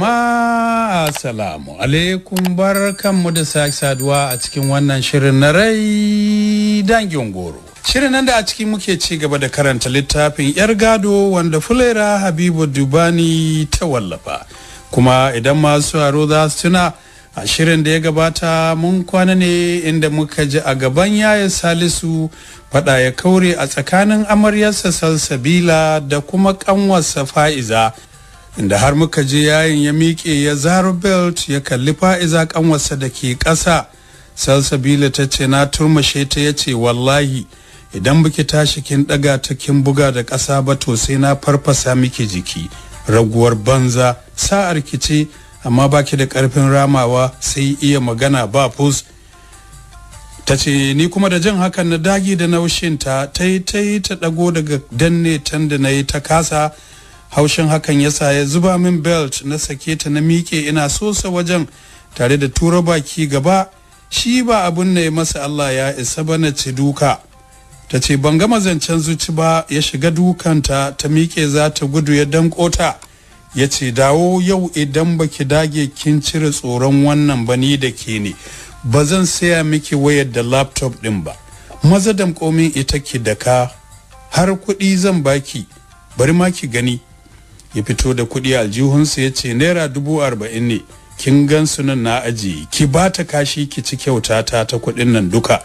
Ma assalamu alaikum bar da sake saduwa a cikin wannan shirin na rai dangin goro. Shirin nan da a ciki muke ci gaba da karanta littafin 'yar gado wanda fulera Habibu Dubani ta wallafa. Kuma idan masu haro za su tuna a shirin da ya gabata mun kwana ne inda muka ji a gaban yaya Salisu fada ya kaure a tsakanin amaryarsa Salsabila da kuma kanwarsa Fa'iza. inda har muka je yayin ya miƙe ya zaro belt ya kalli fa'iza kanwarsa da ke ƙasa salsabila ta ce na turmashe ta ya ce wallahi idan baki tashi kin ɗaga ta kin buga da ƙasa ba to sai na farfasa miki jiki raguwar banza sa'ar ki ce amma baki da ƙarfin ramawa sai iya magana ba fus ta ce ni kuma da jin hakan na dagi da naushinta ta yi ta yi ta ɗago daga danne tan da na yi ta kasa haushin hakan ya sa ya zuba min belt na sake ta na miƙe ina sosa wajen tare da tura baki gaba shi ba abun ne masa Allah ya isa ba na ci duka ta ce ban gama zancen zuci ba ya shiga dukanta ta miƙe za ta gudu ya danko ta ya ce dawo yau idan baki dage kin cire tsoron wannan ba ni da ke ne ba zan saya miki wayar da laptop din ba maza min ita ki daka har kuɗi zan baki bari ma ki gani ya fito da kuɗi aljihunsa ya ce naira dubu arba'in ne kin gan su nan na aji ki ba ta kashi ki ci kyauta ta ta kuɗin nan duka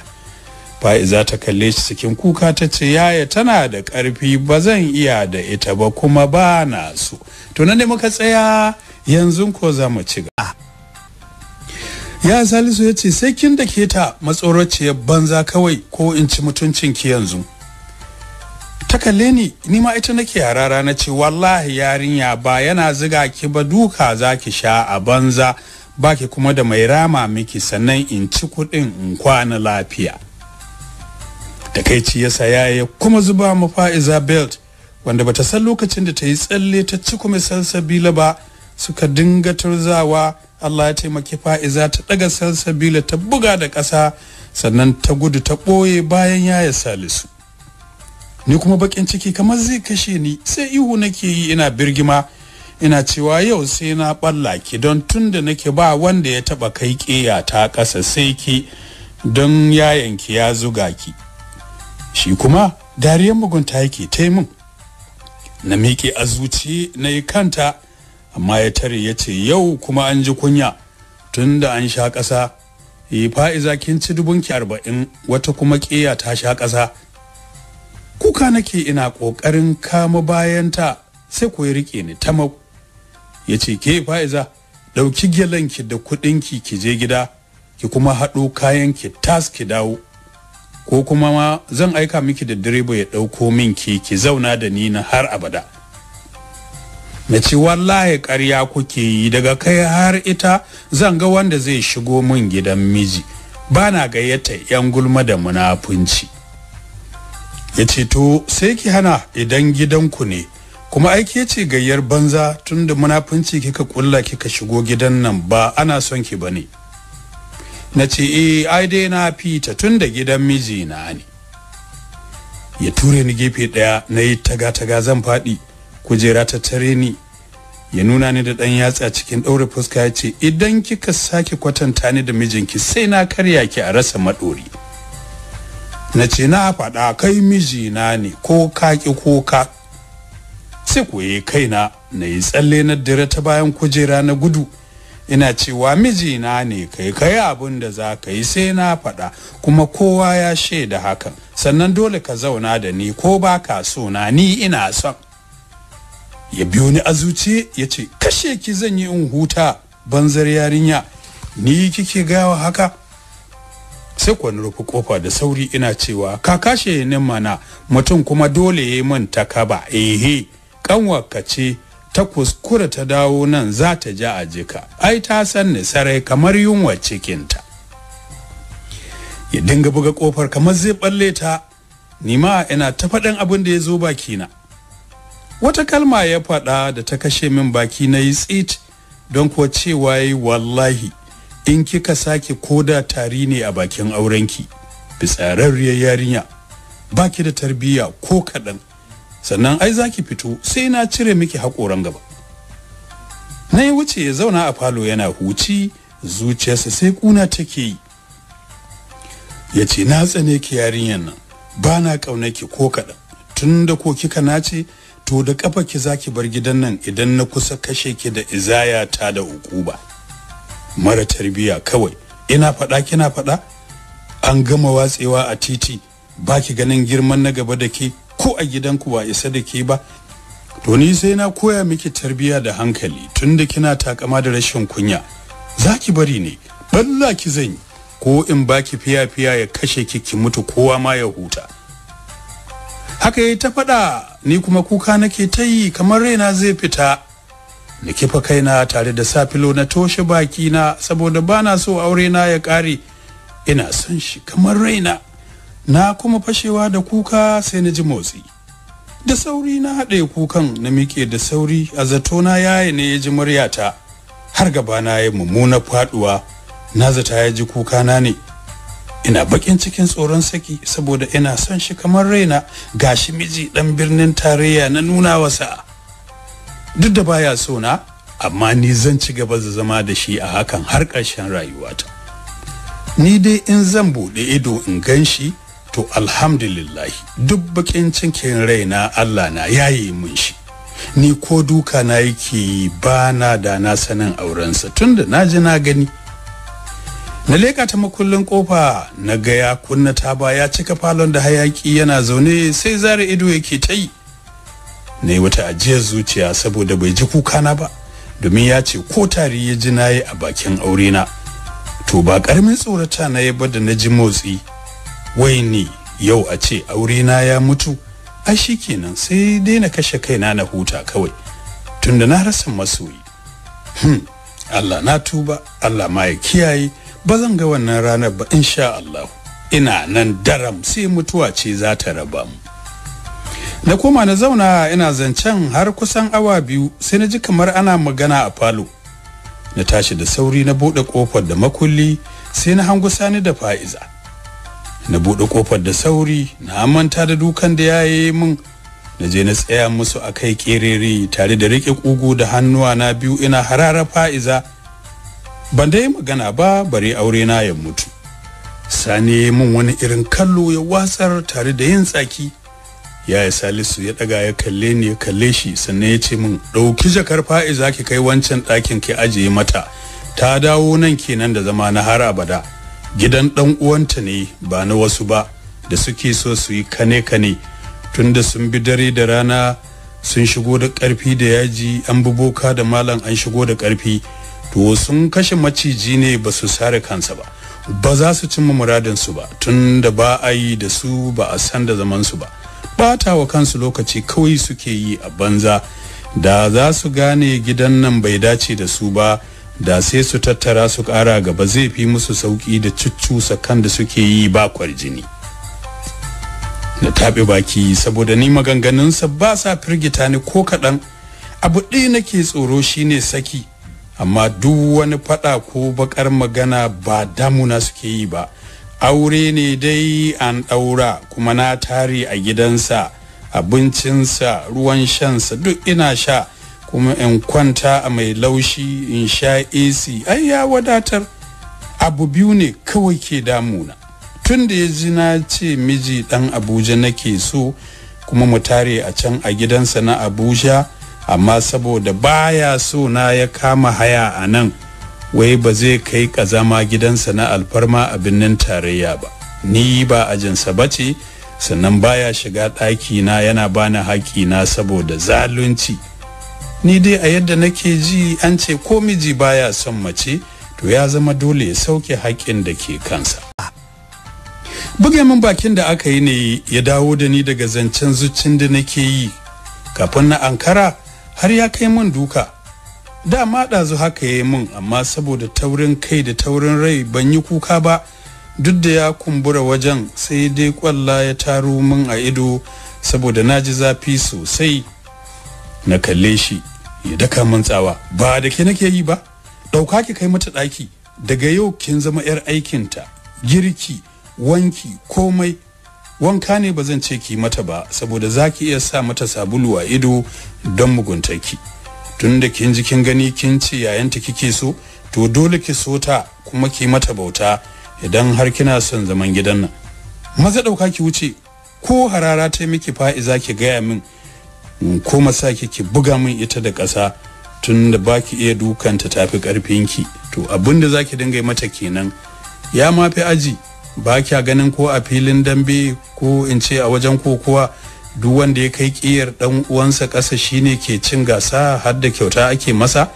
fa'iza ta kalle shi cikin kuka ta ce yaya tana da karfi ba zan iya da ita ba kuma ba na su to nan ne muka tsaya yanzu ko za mu ci gaba ya salisu ya ce sai kin da ke ta matsoraciyar banza kawai ko in ci mutuncin ki yanzu ta kalle ni ni ma ita nake yarara na ce wallahi yarinya ba yana ziga ki ba duka za ki sha a banza ba ki kuma da mai rama miki sannan in ci kuɗin in kwana lafiya takaici ya yasa ya kuma zuba mu fa'iza belt wanda bata san lokacin da ta yi tsalle ta ci kuma salsabila ba suka dinga turzawa Allah ya taimaki fa'iza ta daga salsabila ta buga da ƙasa sannan ta gudu ta ɓoye bayan yi salisu ni kuma bakin ciki kamar zai kashe ni sai ihu nake yi ina birgima ina cewa yau sai na balla ki don tun da nake ba wanda ya taba kai ƙeya ta ƙasa sai ki don yayanki ya zuga ki shi kuma dariyar mugunta yake ta min na miƙe a zuci na yi kanta amma ya tare ya ce yau kuma an ji kunya tun da an sha ƙasa yi eh, fa'iza kin ci dubunki arba'in wata kuma ƙeya ta sha ƙasa kuka nake ina kokarin kama bayan ta sai ku rike ni tamak yace yace ke fa'iza ɗauki ki da kuɗinki ki je gida ki kuma haɗo kayanki tas ki dawo ko kuma ma zan aika miki da direba ya dauko min ki ki zauna da ni na har abada nace wallahi ƙarya kuke yi daga kai har ita zan ga wanda zai shigo min gidan miji bana gayyata 'yan gulma da munafunci ya ce to sai ki hana idan gidanku ne kuma aiki ya ce gayyar banza tunda munafunci kika kulla kika shigo gidan nan ba ana son ki bane na ce eh ai dai na fita tunda gidan miji na ne ya ture ni gefe daya na yi taga taga zan faɗi kujera ta tare ni ya nuna ni da dan yatsa cikin ɗaure fuska ya ce idan kika sake kwatanta ni da mijinki sai na karya ki a rasa maɗori. na ce na faɗa kai mijina ne ko ƙi ko ka sai yi kaina na yi tsalle na dare ta bayan kujera na gudu ina cewa mijina ne kai kai abin da za ka yi sai na faɗa kuma kowa ya shaida hakan sannan dole ka zauna da ni ko ba ka so na ni ina son ya biyo ni a zuci ya ce kashe ki zan yi in huta banzar yarinya ni kike gawa haka sai kuwa rufi rufe kofa da sauri ina cewa ka kashe ni mana mutum kuma dole ya manta ka ba ehe kanwa ka ce ta kuskura ta dawo nan za ta ja a jika ai ta san ni sarai kamar yunwa cikinta ya dinga buga kofar kamar zai balle ta ni ma ina ta faɗin abin da ya zo bakina wata kalma ya faɗa da ta kashe min baki na yi tsit don kuwa cewa yi wallahi in kika sake koda tari ne a bakin aurenki fitsararriyar yarinya baki da tarbiyya ko kaɗan sannan ai zaki fito sai na cire miki haƙoran gaba na yi wuce ya zauna a falo yana huci zuciyarsa sai kuna take yi ya ce na tsane ki yarinyar nan ba na ki ko kaɗan tun da ko kika nace to da ƙafa ki zaki bar gidan nan idan na kusa kashe ki da izaya ta da ukuba mara tarbiya kawai ina faɗa kina faɗa an gama watsewa a titi baki ganin girman na gaba da ke ko a gidanku ba isa da ke ba to ni sai na koya miki tarbiya da hankali tunda kina takama da rashin kunya zaki bari ne balla ki zan ko in baki fiya fiya ya kashe ki ki mutu kowa ma ya huta haka yayi ta faɗa ni kuma kuka nake ta yi kamar raina zai fita na kifa kaina tare da safilo na toshe baki na saboda bana so aure na ya kare ina son shi kamar raina na kuma fashewa da kuka sai na ji motsi da sauri na haɗe kukan na miƙe da sauri a zato na yaye ne ya ji muryata har gaba na yi mummuna faduwa na zata ya ji kuka na ne ina bakin cikin tsoron saki saboda ina son shi kamar raina gashi miji dan birnin tarayya na nuna wasa duk da baya so na amma ni zan ci gaba da zama da shi a hakan har ƙarshen rayuwata ni dai in zan buɗe ido in gan shi to alhamdulillah duk bakin cikin raina Allah na yayi mun shi ni ko duka na yake ba na da na sanin aurensa tunda na ji na gani na leka ta makullin kofa na ga ya kunna ta ba ya cika falon da hayaki yana zaune sai zare ido yake ta yi na yi wata ajiyar zuciya saboda bai ji kuka na ba domin ya ce ko tari ya ji nayi a bakin aure na to ba karamin tsorata na yi da na ji motsi wai ni yau a ce aure na ya mutu ai shikenan sai dai na kashe kaina na huta kawai tunda na rasa masoyi hmm Allah na tuba Allah ma ya kiyaye ba zan ga wannan ranar ba insha Allah ina nan daram sai mutuwa ce za ta raba mu na koma na zauna ina zancen har kusan awa biyu sai na ji kamar ana magana a falo na tashi da sauri na buɗe ƙofar da makulli sai na hangu sani da fa'iza na buɗe ƙofar da sauri na manta da dukan da yayi min na je na tsaya musu a kai ƙerere tare da riƙe ƙugu da hannuwa na biyu ina harara fa'iza ban dai magana ba bari aure na ya mutu sani min wani irin kallo ya watsar tare da yin tsaki ya yaya salisu ya daga ya kalle ni ya kalle shi sannan ya ce min ɗauki jakar fa'iza ki kai wancan ɗakin ki ajiye mata ta dawo nan kenan da zama na har abada gidan dan uwanta ne ba na wasu ba da suke so su yi kane kane tunda sun bi dare da rana sun shigo da ƙarfi da yaji an bi boka da malam an shigo da karfi to sun kashe maciji ne ba su sare kansa ba ba za su cimma muradinsu ba tunda da ba a yi da su ba a san da zaman su ba bata wa kansu lokaci kawai suke yi a banza da za su gane gidan nan bai dace da su ba da sai su tattara su kara gaba zai fi musu sauki da cuccusa kan da suke yi ba kwarjini na taɓe baki saboda ni maganganunsa ba sa firgita ni ko kaɗan abu ɗaya nake tsoro shine saki amma duk wani faɗa ko baƙar magana ba damuna suke yi ba aure ne dai an ɗaura kuma na tare a gidansa abincinsa ruwan shansa duk ina sha kuma in kwanta a mai laushi in sha ac ai ya wadatar abu biyu ne kawai ke damuna tun da ya ji na ce miji dan abuja nake so kuma mu tare a can a gidansa na abuja amma saboda baya so na ya kama haya a nan wai ba zai kai kazama gidansa na alfarma a birnin tarayya ba ni ba ajinsa ba ce sannan baya shiga ɗaki na yana bani haƙi na saboda zalunci ni dai a yadda nake ji an ce ko miji baya son mace to ya zama dole ya sauke haƙƙin da ke kansa buga min bakin da aka yi ne ya dawo da ni daga zancen zuccin da nake yi kafin na ankara har ya kai mun duka dama ɗazu haka ya yi mun amma saboda taurin kai da taurin rai ban yi kuka ba duk da ya kumbura wajen sai dai kwalla ya taru min a ido saboda na ji zafi sosai na kalle shi ya daka min tsawa ba da ke nake yi ba ɗauka ki kai mata ɗaki daga yau kin zama 'yar aikinta girki wanki komai wanka ne ba zan ce ki mata ba saboda za ki iya sa mata sabulu a ido don muguntaki. tunda kin ji kin gani kin ce yayanta kike so to dole ki so ta kuma ki mata bauta idan har kina son zaman gidan nan maza dauka ki wuce ko harara ta miki fa'iza ki gaya min ko masa ki buga min ita da ƙasa tunda baki iya dukanta tafi karfin ki to abin da zaki dinga mata kenan ya mafi aji ba kya ganin ko a filin dambe ko in ce a wajen kokowa duk wanda ya kai ƙiyar ɗan uwansa ƙasa shine ke cin gasa har da kyauta ake masa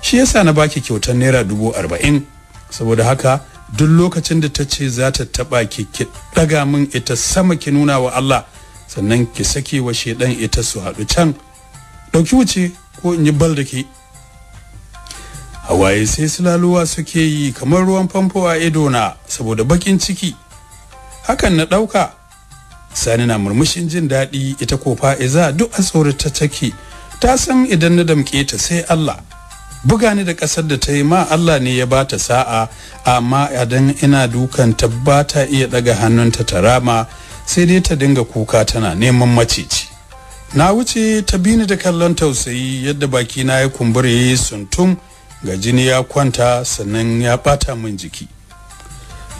shi yasa na baki kyautar naira dubu arba'in saboda haka duk lokacin da ta ce za ta taɓa ki ki ɗaga min ita sama ki nuna wa Allah sannan ki sake wa ɗan ita su haɗu can ɗauki wuce ko in yi bal da ki hawaye sai sulaluwa suke yi kamar ruwan famfo a idona saboda bakin ciki hakan na ɗauka sani na murmushin jin daɗi ita ko fa'iza duk a tsorata take ta san idan na damƙe ta sai Allah buga ni da ƙasar da ta yi ma Allah ne ya bata sa'a amma idan ina dukan ta ba ta iya ɗaga hannunta ta rama sai dai ta dinga kuka tana neman macici na wuce ta bi ni da kallon tausayi yadda bakina ya kumbure suntum ga jini ya kwanta sannan ya ɓata min jiki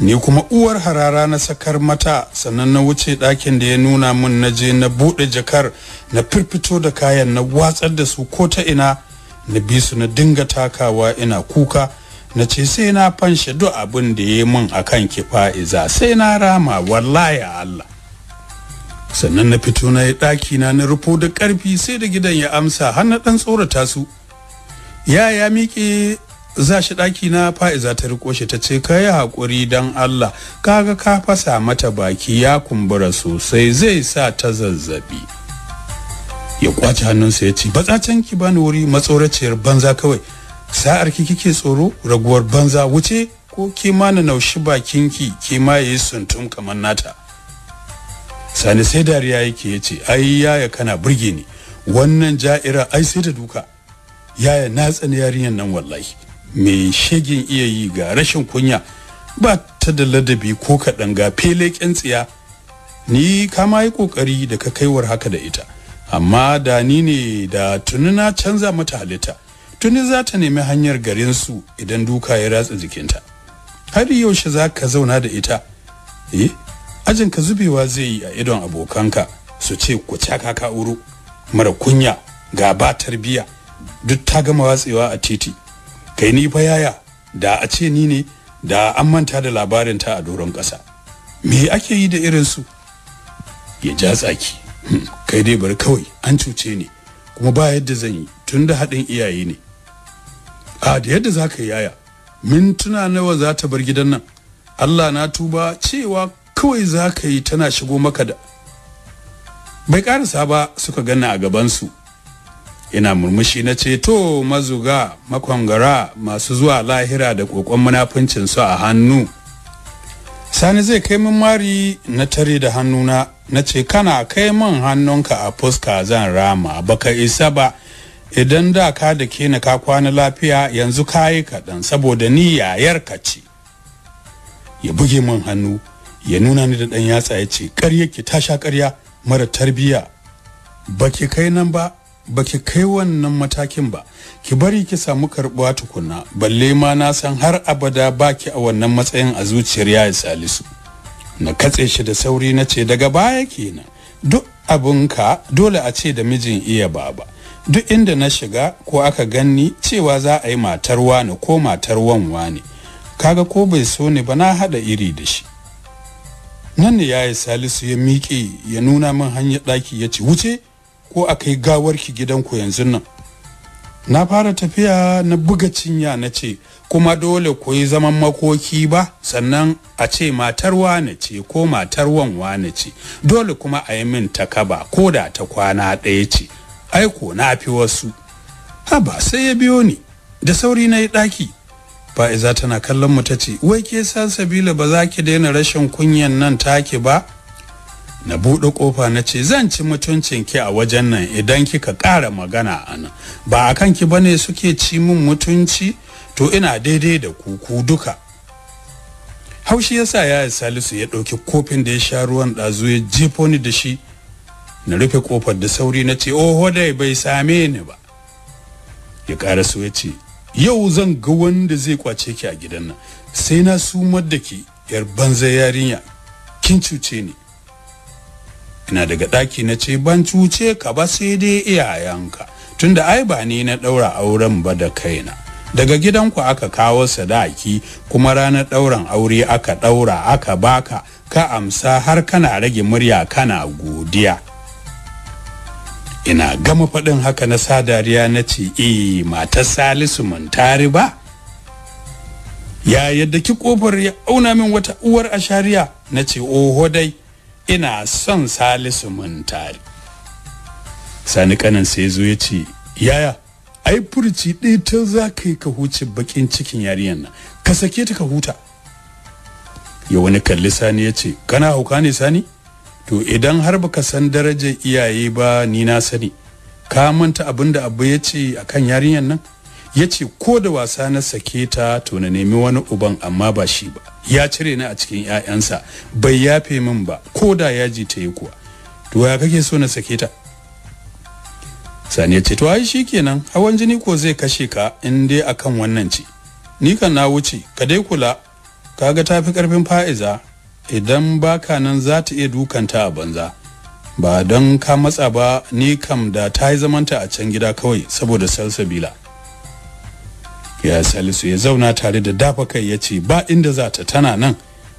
ni kuma uwar harara na sakar mata sannan na wuce ɗakin da ya nuna mun na je na buɗe jakar na firfito da kayan na watsar da su ko ta ina na bi su na dinga takawa ina kuka na ce sai na fanshe duk abin da ya mun akan kifa fa'iza sai na rama wallahi Allah sannan na fito na yi ɗaki na na rufo da ƙarfi sai da gidan ya amsa har na ɗan tsorata su ya ya miƙe za shi ɗaki na fa'iza ta riko shi ta ce ka yi haƙuri don Allah kaga ka fasa mata baki ya kumbura sosai zai sa ta zazzabi ya kwace hannunsa ya ce "Ba batsacen ki ni wuri matsoraciyar banza kawai sa'ar ki kike tsoro raguwar banza wuce ko ki ma na naushi bakin ki ma yi suntum kamar nata sani sai dariya yake ya ce ai yaya kana burge ni wannan ja'ira ai sai ta duka yaya na tsani yarinyar nan wallahi mai shegin iya yi ga rashin kunya ba ta da ladabi ko kaɗan ga fele tsiya ni kama yi ƙoƙari da ka kaiwar haka da ita amma da ni ne da tuni na canza mata halitta tuni za ta nemi hanyar garinsu idan duka ya ratsa jikinta har yaushe za ka zauna da ita eh ajin ka zubewa zai yi a idon abokanka su ce ku caka ka uru mara kunya ga ba tarbiya duk ta gama watsewa a titi kai ni fa yaya da a ce ni ne da an manta da labarin ta a doron ƙasa me ake yi da irin su ya ja tsaki hmm, kai dai bari kawai an cuce ni kuma ba yadda zan yi tun da haɗin iyaye ne a da yadda za ka yaya mintuna nawa za ta bar gidan nan allah na tuba cewa kawai za ka yi tana shigo maka da bai karasa ba suka gana a gabansu ina murmushi na ce to mazuga makwangara masu zuwa lahira da kokon munafincin su a hannu sani zai kai min mari na tare da hannuna na ce kana kai min hannunka a fuska zan rama baka isa ba idan da ka da ke na ka kwana lafiya yanzu ka yi kaɗan saboda ni yayar ka ce ya buge min hannu ya nuna ni da ɗan yatsa ya ce ƙarya ki ta sha ƙarya mara tarbiya. ba ke kai nan ba baki kai wannan matakin ba ki bari ki samu karbuwa tukunna balle ma na san har abada baki a wannan matsayin a zuciyar yaya salisu na katse shi da sauri na ce daga baya kenan duk abinka dole a ce da mijin iya baba duk inda na shiga ko aka ganni cewa za a yi matar wani ko matar wanwa ne kaga ko bai so ne ba na hada iri da shi nan ne yayi salisu ya miƙe ya nuna min hanyar ɗaki ya ce wuce ko a kai gawarki gidanku yanzu nan na fara tafiya na buga cinya na ce kuma dole ku yi zaman makoki ba sannan a ce matar wane ce ko matar wan wane ce dole kuma a yi min takaba ko da ta kwana ɗaya ce aiko na fi wasu ba sai ya biyo ni da sauri na yi ɗaki fa'iza tana kallon mu ta ce wai ke san sabila ba za ki daina rashin kunyan nan take ba na buɗe ƙofa na ce zan ci mutuncin ki a wajen nan idan kika ƙara magana a nan ba a kanki ba ne suke ci mun mutunci to ina daidai da ku ku duka haushi yasa yaya salisu ya ɗauki kofin da ya sha ruwan ɗazu ya jefo ni da shi na rufe ƙofar da sauri na ce oho dai bai same ni ba ya ƙara su ya ce yau zan ga wanda zai kwace ki a gidan nan sai na sumar da ki yar banza yarinya kin cuce ni ina daga ɗaki na ce ban cuce ka ba sai dai iyayenka tunda ai ba ni na ɗaura auren ba da kaina daga gidanku aka kawo sadaki kuma ranar ɗauran aure aka ɗaura aka baka ka amsa har kana rage murya kana godiya ina gama faɗin haka na sadariya na ce eh matar salisu mun tari ba ya yadda ki kofar ya auna min wata uwar ashariya na ce oho dai ina son salisu mun tare sani kanan sai zo ya ce yaya ai furci ɗaya ta za ka yi ka huce bakin cikin yariyan nan ka sake ta ka huta ya wani kalli sani ya ce kana hauka ne sani to idan har baka san darajar iyaye ba ni na sani ka manta abinda da abu ya ce akan yarinyar nan ya ce ko da wasa na sake ta to na nemi wani uban amma ba shi ba ya cire ni a cikin 'ya'yansa bai yafe min ba ko da yaji ta yi kuwa to ya kake so na sake ta sani ya ce to ai shikenan hawan jini ko zai kashe ka in dai akan wannan ce ni kan na wuce ka dai kula kaga ta fi karfin fa'iza idan baka nan za ta iya dukanta a banza ba don ka matsa ba ni kam da ta yi zamanta a can gida kawai saboda salsabila ya salisu ya zauna tare da dafa kai ya ce ba inda za ta tana nan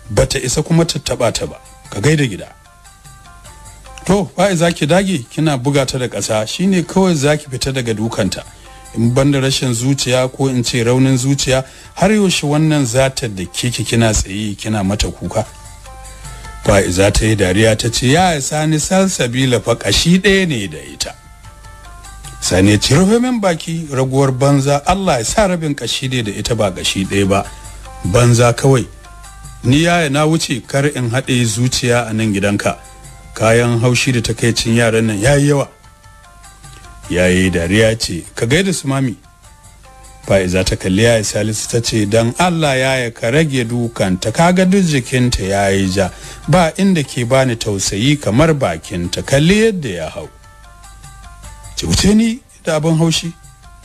ba ta isa kuma ta taba ta ba ka gaida gida to fa'i za ki dage kina buga ta da ƙasa shine kawai za ki fita daga dukanta in ban da rashin zuciya ko in ce raunin zuciya har yaushe wannan zata da kiki kina tsaye kina mata kuka Ba za ta yi dariya ta ce ya sani salsabila fa kashi ɗaya ne da ita sani ya ci rufe min baki raguwar banza allah ya sa rabin kashi ne da ita ba kashi ɗaya ba banza kawai ni yaya na wuce kar in haɗe zuciya a nan gidanka kayan haushi da takaicin yaran nan yayi yawa yayi dariya ce ka gaida su mami fa'iza ta kalli yaya salisu ta ce don allah yaya ka rage dukanta ga duk jikinta yayi ja ba inda ke bani tausayi kamar bakinta kalli yadda ya hau ce wuce ni da abin haushi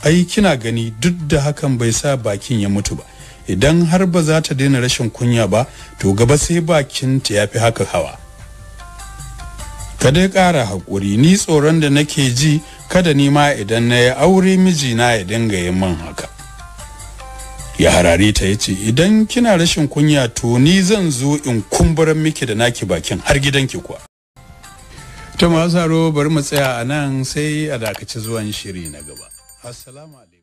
ai kina gani duk da hakan bai sa bakin ya mutu ba idan har ba za ta daina rashin kunya ba to gaba sai bakin ta yafi haka hawa ka dai ƙara hakuri ni tsoron da nake ji kada ni ma idan na yi aure mijina ya dinga yin man haka ya harare ta yace idan kina rashin kunya to ni zan zo in kumburan miki da naki bakin har gidanki kuwa ta masu bari mu tsaya a nan sai a dakaci zuwan shiri na gaba assalamu alaikum